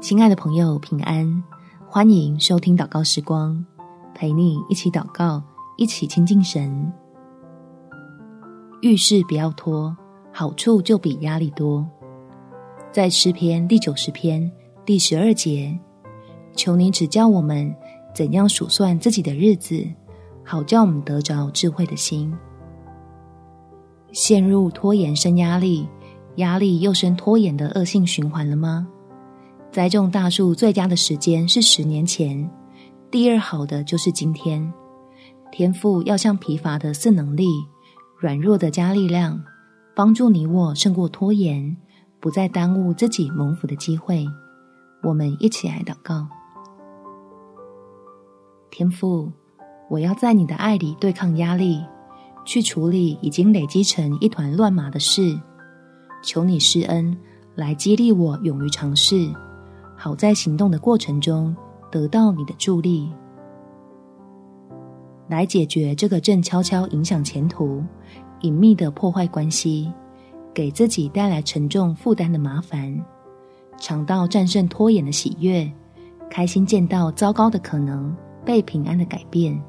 親愛的朋友，平安！歡迎收聽禱告時光，陪你一起禱告，一起親近神。遇事不要拖，好處就比壓力多。在詩篇第九十篇第十二節，求你指教我們怎樣數算自己的日子，好叫我們得着智慧的心。陷入拖延生壓力，壓力又生拖延的惡性循環了嗎？栽種大樹最佳的時間是十年前，第二好的就是今天。天父要向疲乏的賜能力，軟弱的加力量，幫助你我勝過拖延，不再耽誤自己蒙福的機會。我們一起來禱告：天父，我要在你的愛裡對抗壓力，去處理已經累積成一團亂麻的事。求你施恩，來激勵我勇於嘗試。好在行動的過程中，得到你的助力，來解決這個正悄悄影響前途、隱秘的破壞關係，給自己帶來沉重負擔的麻煩。嚐到戰勝拖延的喜悅，開心見到糟糕的可能被平安的改變，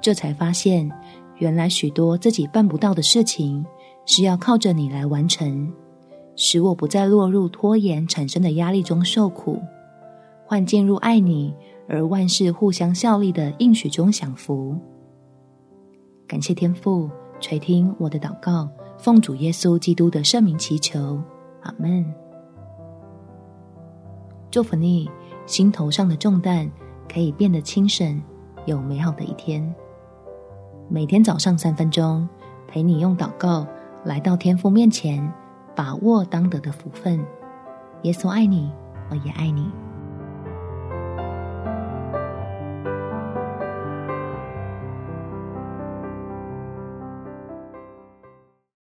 這才發現，原來許多自己辦不到的事情，是要靠着你來完成。使我不再落入拖延產生的壓力中受苦，換進入愛你而萬事互相效力的應許中享福。感謝天父垂聽我的禱告，奉主耶穌基督的聖名祈求，阿門。祝福你心頭上的重擔可以變得輕省，有美好的一天。每天早上三分鐘，陪你用禱告來到天父面前。把握當得的福分，耶穌愛你，我也愛你。